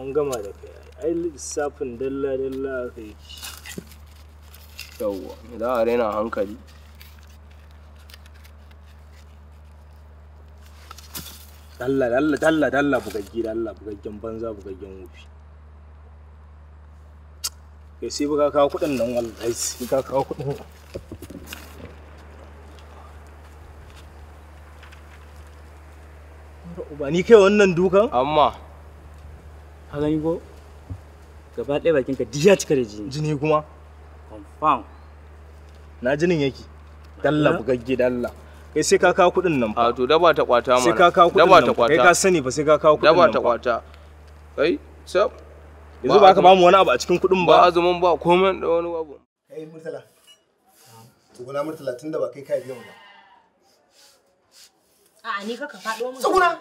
an gama da kai ai lissafin dalla dalla kai yi yawwa za a raina hankali dalla dalla dalla dalla bugaggi dalla bugaggen banza bugaggen wufi kai sai baka kawo kudin nan wallahi sai ka kawo kudin Ba ni kai wannan dukan amma ka gani ko gaba ɗaya bakin ka ya cika da jini jini kuma confirm na jinin yake dalla bugagge dalla kai sai ka kawo kuɗin nan fa a to daba ta kwata mana sai ka kawo kuɗin nan kai ka sani fa sai ka kawo kuɗin nan daba ta kwata kai sab yanzu ba ka ba mu wani abu a cikin kuɗin ba ba azumin ba komai da wani abu kai murtala murtala tunda ba kai ka biyan ba a'a ni faɗo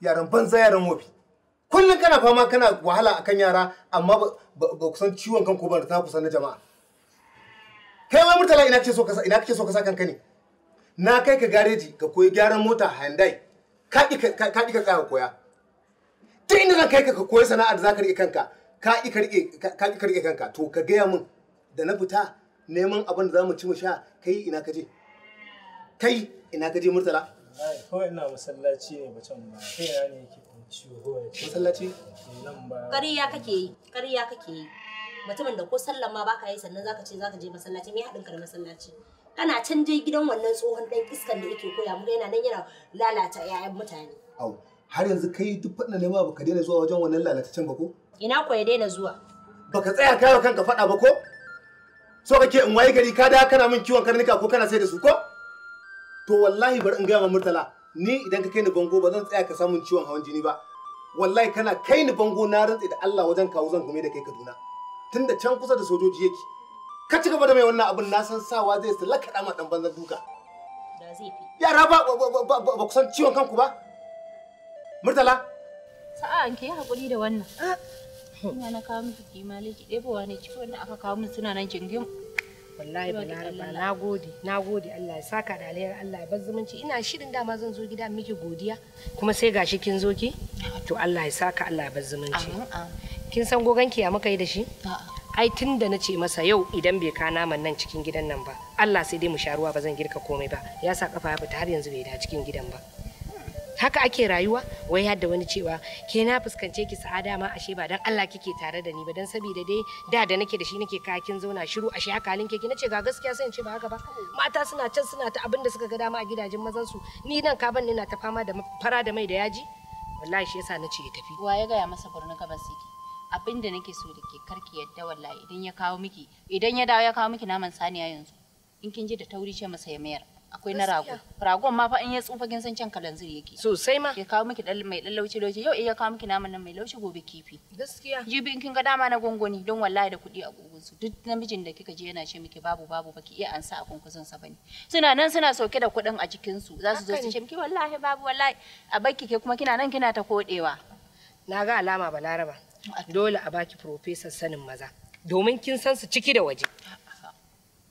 yaran banza yaran wofi kullum kana fama kana wahala akan yara amma ba ku san ciwon kanku ba ta kusan na jama'a kai wai murtala ina kake so ka ina kake so ka sa kanka ne na kai ka gareji ka koyi gyaran mota Hyundai ka ka ka ka koya ta inda zan kai ka ka koyi sana'ar da zaka rike kanka ka ki ka ka rike kanka to ka gaya min da na fita neman abin da zamu ci mu sha kai ina kaje kai ina ka je murtala kawai ina masallaci ne bacin ba kai ya ne yake ciwo masallaci nan ba ƙarya kake yi ƙarya kake yi mutumin da ko sallah ma baka yi sannan zaka ce zaka je masallaci me haɗin ka da masallaci kana can je gidan wannan tsohon dan iskan da yake koya muka yana nan yana lalata 'ya'yan mutane au har yanzu kai duk ne ma baka daina zuwa wajen wannan lalataccen ba ko ina ko ya daina zuwa baka tsaya kawo kanka fada ba ko so kake in waye gari ka da kana min kiwon karnuka ko kana sai da su ko to wallahi bari in gaya murtala ni idan ka kai ni bango ba zan tsaya ka samun ciwon hawan jini ba wallahi kana kai ni bango na rantse da Allah wajen kawo zan gume da kai Kaduna tunda can kusa da sojoji yake ka ci gaba da mai wannan abin na san sawa zai su lakaɗa ma dan banzan duka da zai fi yara ba ba ku ciwon kanku ba murtala an kai hakuri da wannan ina na kawo miki kimalaji ɗebowa ne cikin da aka kawo min suna nan jingim wallahi ba na gode na gode Allah ya saka da alheri Allah ya bar zumunci ina shirin dama zan zo gida miki godiya kuma sai gashi kin zo ki to Allah ya saka Allah ya bar zumunci kin san gogon ki ya muka yi da shi ai tun da na ce masa yau idan bai ka naman nan cikin gidan nan ba Allah sai dai mu sha ruwa ba zan girka komai ba ya sa kafa ya fita har yanzu bai da cikin gidan ba haka ake rayuwa wai hadda wani cewa ke na fuskance ki sa'ada ma ashe ba dan Allah kike tare da ni ba dan saboda dai da da nake da shi nake kin zauna shiru ashe haka halin keke nace ga gaskiya sai in ce ba haka ba mata suna can suna ta abin da suka ga dama a gidajen mazan su ni nan ka ban na ta fama da fara da mai da yaji wallahi shi yasa nace ya tafi wa ya gaya masa ka gabas yake abin da nake so da ke karki yadda wallahi idan ya kawo miki idan ya dawo ya kawo miki naman saniya yanzu in kin ji da tauri ce masa ya mayar akwai na rago ragon ma fa in ya tsufa kin san can kalanzir yake sosai ma ya kawo miki dan mai dan lauci lauci yau iya kawo miki naman nan mai lauci gobe kifi gaskiya jibi in kin ga dama na gongoni don wallahi da kuɗi a gogon su duk namijin da kika je yana ce miki babu babu baki iya ansa a kunkusan sa bane suna nan suna sauke da kuɗin a jikin su za su zo su ce miki wallahi babu wallahi a baki ke kuma kina nan kina ta kodewa na ga alama balaraba dole a baki professor sanin maza domin kin san su ciki da waje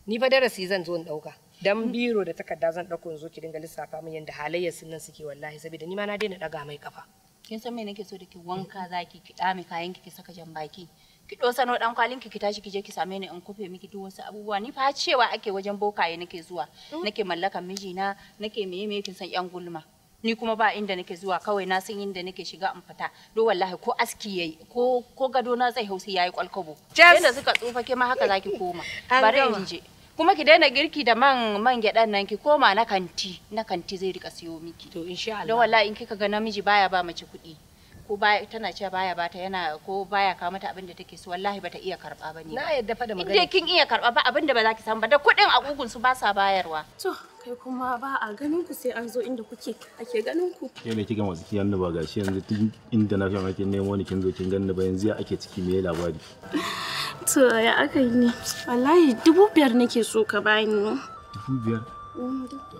ni fa darasi zan zo in dauka dan biro da takarda zan dauko yanzu ki dinga lissafa min yanda halayyar sun nan suke wallahi saboda ni ma na daina daga mai kafa kin san me nake so da ki wanka zaki ki mai kayan ki ki saka jan baki ki do sano dan kwalin ki ki tashi ki je ki same ni in kufe miki duk wasu abubuwa ni fa cewa ake wajen bokaye nake zuwa mm. nake mallakan mijina nake meye meye kin san yan gulma ni kuma ba inda nake zuwa kawai na san inda nake shiga in fita do wallahi ko aski yayi ko ko gado na zai hausa yayi kwalkwabo yanda suka tsufa ke ma haka zaki koma bari in je kuma ki daina girki da man man gyaɗan nan ki koma na kanti na kanti zai rika siyo miki to insha Allah don wallahi in kika ga namiji baya ba mace kuɗi ko baya tana cewa baya bata yana ko baya kawo mata abin da take so wallahi bata iya karba ne na yadda fa da magana indai kin iya karba ba abin da ba za ki samu ba da kuɗin agugun su ba sa bayarwa to kai kuma ba a ganin ku sai an zo inda kuke ake ganin ku ke ne kika wasu kiyan ba gashi yanzu tun inda na fi nemo ni kin zo kin ganni ba yanzu ya ake ciki me labari To ya aka yi ne? Wallahi dubu biyar nake so ka bani. Dubu biyar?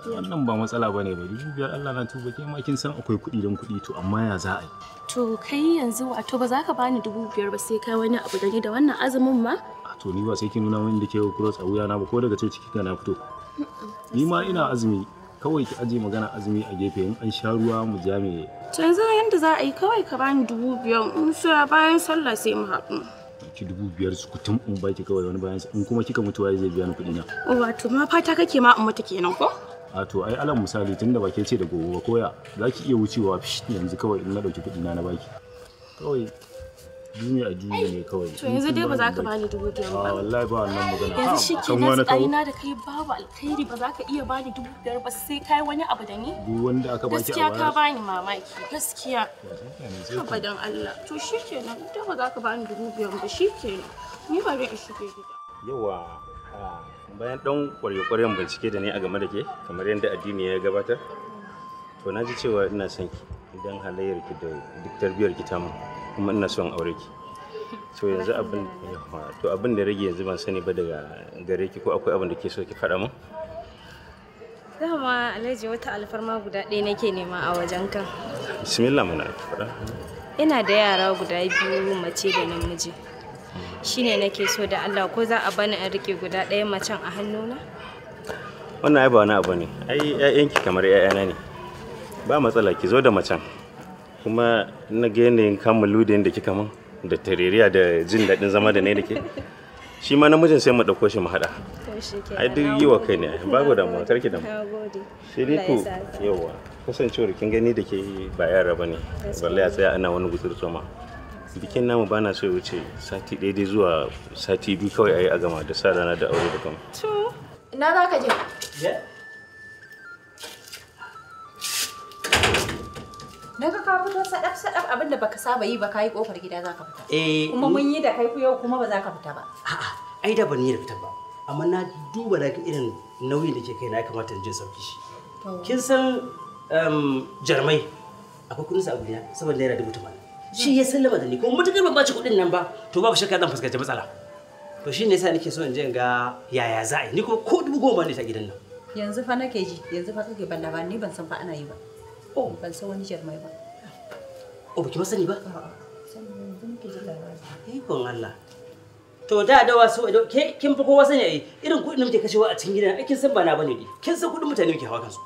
Wannan ba matsala ba ne ba. Dubu biyar Allah na tuba ke kin san akwai kuɗi don kuɗi to amma ya za a yi. To kai yanzu wato ba za ka bani dubu biyar ba sai ka wani abu da ni da wannan azumin ma? A to ni ba sai ki nuna min da ke cross a wuya na ba ko daga cikin kika na fito. Ni ma ina azumi kawai ki aje magana azumi a gefe in an sha ruwa mu ja To yanzu yanda za a yi kawai ka bani dubu biyar in bayan sallah sai mu haɗu. ki dubu biyar su kutum in baki kawai wani bayan in kuma kika mutuwa ya zai biya ni kuɗi na. Oh, wato ma fata kake ma in mutu kenan ko? A to ai alam misali tun ba ke ce da gobe ba koya za ki iya wucewa yanzu kawai in na ɗauki kuɗi na na baki. Kawai duniya duniya ne kawai to yanzu dai ba za ka bani dubu biyar ba ah, wallahi ba wannan magana yanzu shi ke nan tsayina da kai babu alkhairi ba za ka iya bani dubu biyar ba sai kai wani abu da ni duk wanda aka baki gaskiya ka bani mamaki gaskiya abadan Allah to shi ke nan dai ba za ka bani dubu biyar ba shi ke nan ni ba zan shige gida yawa ah, bayan dan kwarye-kwaryen bincike da ni a game da ke kamar yadda addini ya gabatar to na ji cewa ina son ki idan halayyar ki da duk tarbiyar ki ta mun kuma ina son aure ki to yanzu abin to abin da rage yanzu ban sani ba daga gare ki ko akwai abin da ke so ki faɗa mun dama alhaji wata alfarma guda ɗaya nake nema a wajen kan bismillah muna faɗa ina da yara guda biyu mace da namiji shine nake so da Allah ko za a bani in rike guda ɗaya macen a hannuna wannan ai ba wani abu ne ai ƴaƴanki kamar ƴaƴana ne ba matsala ki zo da macen kuma na ga yanayin kammalu da yadda kika man da tareriya da jin daɗin zama da ne da ke shi ma namijin sai mu ɗauko shi mu haɗa a duk yi wa kai ne babu damuwa karki damuwa sai dai ku yawa kasancewar kin gani da ke ba yara ba ne balle a tsaya ana wani gutsur soma bikin namu ba na so ya wuce sati ɗaya dai zuwa sati biyu kawai a yi a gama da sa rana da aure da kama. na za ka je? Daga ka fito sadaf sadaf abinda baka saba yi ba kai kofar gida zaka fita. Eh kuma mun yi da kai yau kuma ba za ka fita ba. A'a ai da ban yi da fita ba. Amma na duba da irin nauyin da ke kai na kamata in je sauki shi. Kin san um, jarmai akwai kudin sa abuja saboda naira dubu tamanin. Shi ya sallama da ni kuma mutukar ban baci kudin nan ba to babu shakka zan fuskanci matsala. To shi ne yasa nake so in je in ga yaya za a yi ni kuma ko dubu goma ne ta gidan nan. Yanzu fa nake ji yanzu fa kake ban ba ni ban san fa ana yi ba. oh ban san wani jarumai ba oh baki masani ba ikon Allah to da da wasu ke kin fi kowa sani ai irin kuɗin da muke kashewa a cikin gidan ai kin san ba na bane ne kin san kuɗin mutane muke hawa kansu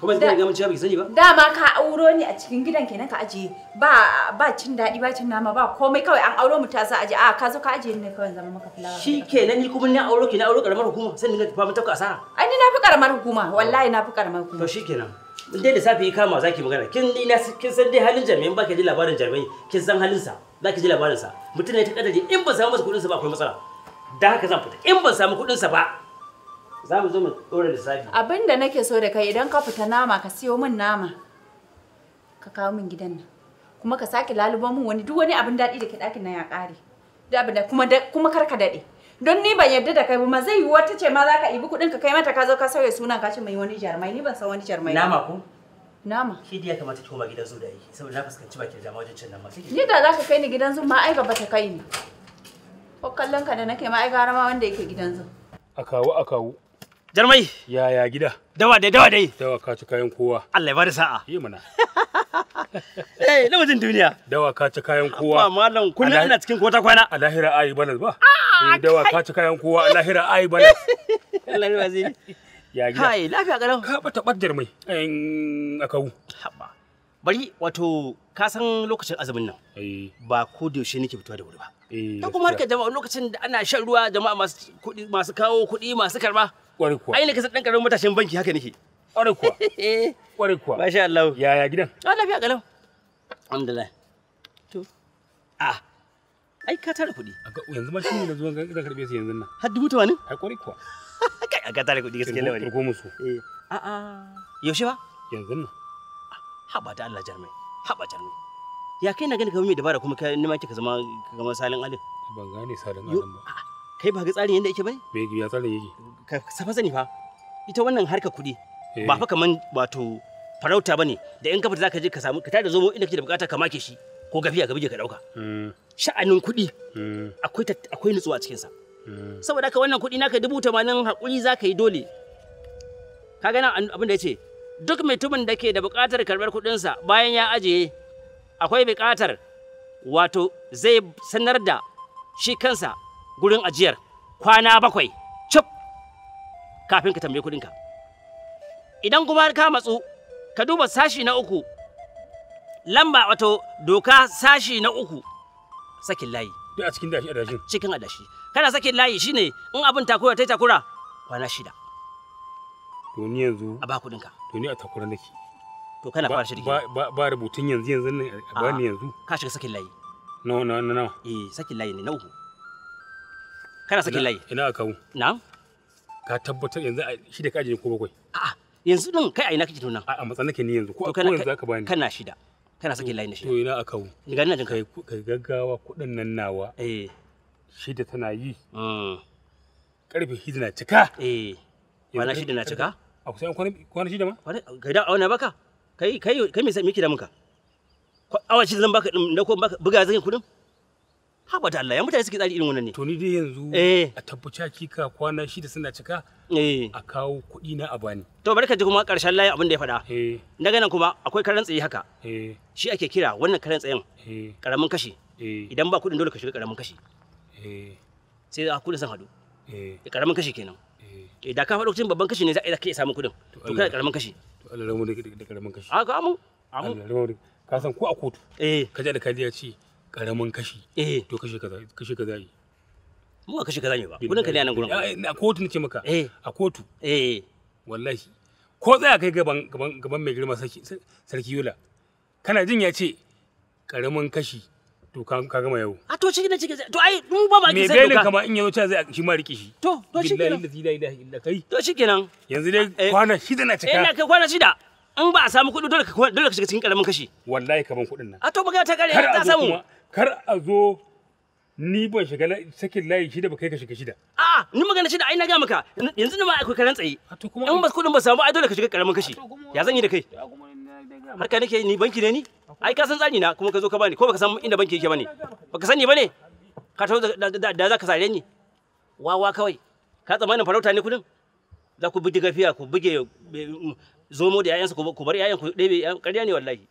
kuma zai ga mun cewa baki sani ba dama ka auro ni a cikin gidan kenan ka aje ba ba cin daɗi ba cin nama ba komai kawai an auro mu ta sa aje a ka zo ka aje ne kawai zama maka fulawa shi kenan ni kuma ni auro ki na auro karamar hukuma sai ni ga tafa mun tafka asara ai ni na fi karamar hukuma wallahi na fi karamar hukuma to shikenan mun dai lissafi ya kama zaki magana kin ni san dai halin jami'in baki ji labarin jami'in kin san halin sa zaki ji labarin sa mutum ne ta kadaje in ba samu masa kudin sa ba akwai matsala da haka zan fita in ba samu kudin sa ba za mu zo mu ɗora lissafi abinda nake so da kai idan ka fita nama ka siyo min nama ka kawo min gidan nan kuma ka sake lalubo min wani duk wani abin daɗi da ke ɗakin nan ya ƙare da abin da kuma kuma kar ka daɗe don ni ban yarda da kai ba ma zai yiwu wata ce ma za ka ibi kuɗin ka kai mata ka zo ka sauya sunan ka ce mai wani jarumai ni ban san wani jarumai nama ko nama shi da ya kamata ki koma gidan zu da yi saboda na fuskanci baki da dama wajen cin nama ma ni da za ka kai ni gidan zu ma ai gaba ta kai ni ko kallon ka da nake ma ai gara ma wanda yake gidan zu a kawo a kawo jarmai yaya gida dawa dai dawa dai dawa ka ci kayan kowa Allah ya bada sa'a yi mana Eh, na mutum duniya. Dawa ka ci kayan kowa. Ba malam, kullum ina cikin kota kwana. A lahira ayi balas ba. Ah, eh, dawa ka ci kayan kowa, a lahira ayi Allah Ya gida. lafiya Ka bata baddar mai. Haba. Bari wato ka san lokacin azumin nan. Eh. Ba ko da yaushe nake fitowa da wuri ba. Ta eh, kuma harkar jama'a lokacin da ana shan ruwa jama'a masu kawo kuɗi masu karba. Kwari kuwa. Ai ne ka san matashin banki haka nake. Ƙwarai kuwa. Ƙwarai kuwa. Masha Allah. Yaya gidan? Ah lafiya kalau. Alhamdulillah. To. Ah. Ai ka tara kuɗi. Yanzu ma shine na zuwa ka karbe su yanzu nan. Har dubu tamanin? Ai ƙwarai kuwa. Kai a ka tara kuɗi gaskiya lawani. Turko musu. Eh. A'a. Ah, ah. Yaushe ba? Yanzu nan. Haɓa ta Allah jarmai. Haɓa jarmai. Ya kai na gani kamar mai dabara kuma ka nima kika zama kamar salin alin. Ban gane salin alin ba. Ah, kai ba ga tsarin yadda yake bane? Me ya tsarin yake? Ka safa sani fa. Ita wannan harka kuɗi Eh. ba fa kaman wato farauta bane da in kafa zaka je ka samu ka tada zomo inda kike da bukata ka make shi ko gafiya ka bige ka dauka mm. sha'anin kuɗi mm. akwai akwai nutsuwa cikin sa mm. saboda haka wannan kuɗi naka dubu tamanin hakuri zaka yi dole kaga nan abin da yace duk mutumin da ke da bukatar karbar sa bayan ya ajiye akwai bukatar wato zai sanar da shi kansa gurin ajiyar kwana bakwai cuf kafin ka tambaye kuɗinka. ka idan kuma ka matsu ka duba sashi na uku lamba wato doka sashi na uku sakin layi duk a cikin dashi adashi cikin adashi kana sakin layi shine in abin takura tai takura kwana shida to ni yanzu a ba kudin ka to ni a takura nake to kana fara shirki ba ba rubutun yanzu yanzu ne a ba ni yanzu ka shiga sakin layi no no no no eh sakin layi ne na uku kana sakin layi ina akawu na ka tabbatar yanzu shida ka ajiye ko bakwai yanzu din kai a ina kake tunan a matsan nake ni yanzu ko ko yanzu zaka bani kana shida kana sake layin shida to ina akawu ga jin kai kai gaggawa kudin nan nawa eh shida tana yi karfe mm. shida na cika eh kwana shida na cika a kusan kwana shida ma kai da auna baka kai kai kai me sai miki da muka awa shida zan baka ko baka buga zan kudin haba da Allah ya mutane suke tsari irin wannan ne to ni dai yanzu eh. a tabbaci hakika kwana shida suna cika eh. a kawo kuɗi na a bani to barka ji kuma karshen layin abin da ya faɗa daga eh. nan kuma akwai karan tsaye haka shi ake kira wannan karan tsayen karamin kashi idan ba kuɗin dole ka shiga karamin kashi sai a kuɗin san hadu karamin kashi kenan da ka faɗo cikin babban kashi ne za a iya samun kuɗin to kana karamin kashi to Allah ramu da karamin kashi a ka amu amu ka san ko a kotu ka ji da kaji ya ce karamin kashi eh to kashi kaza kashi kaza yi mu ba kashi kaza ne ba gudun ka ne a nan gurin eh, a kotu nace maka eh a kotu eh wallahi ko tsaya kai gaban gaban gaban mai girma sarki sarki yola kana jin ya ce karamin kashi to ka gama yau a to cikin cikin to ai mu ba ba ki sai doka kamar in yazo ta zai shi ma riki shi to to shi Billahi la ilaha illa kai to shi kenan yanzu dai eh. kwana shida na cika eh na kai kwana shida in ba a samu kuɗi dole ka dole ka shiga cikin karamin kashi wallahi ka ban kuɗin nan a to magana ta kare ta samu kar a zo ni ban shiga sakin layi shida ba kai ka shiga shida a ni magana shida ai na ga maka yanzu ma akwai karan tsaye in ba kuɗin ba samu ai dole ka shiga karamin kashi ya zan yi da kai har ka nake ni banki ne ni ai ka san tsari na kuma ka zo ka bani ko baka san inda banki yake bane baka sani bane ka tawo da za ka sare ni wa wa kawai ka tsamanin farauta ne kudin za ku buge gafiya ku buge zomo da 'ya'yansa ku bar 'ya'yan ku ɗebe ƙarya ne wallahi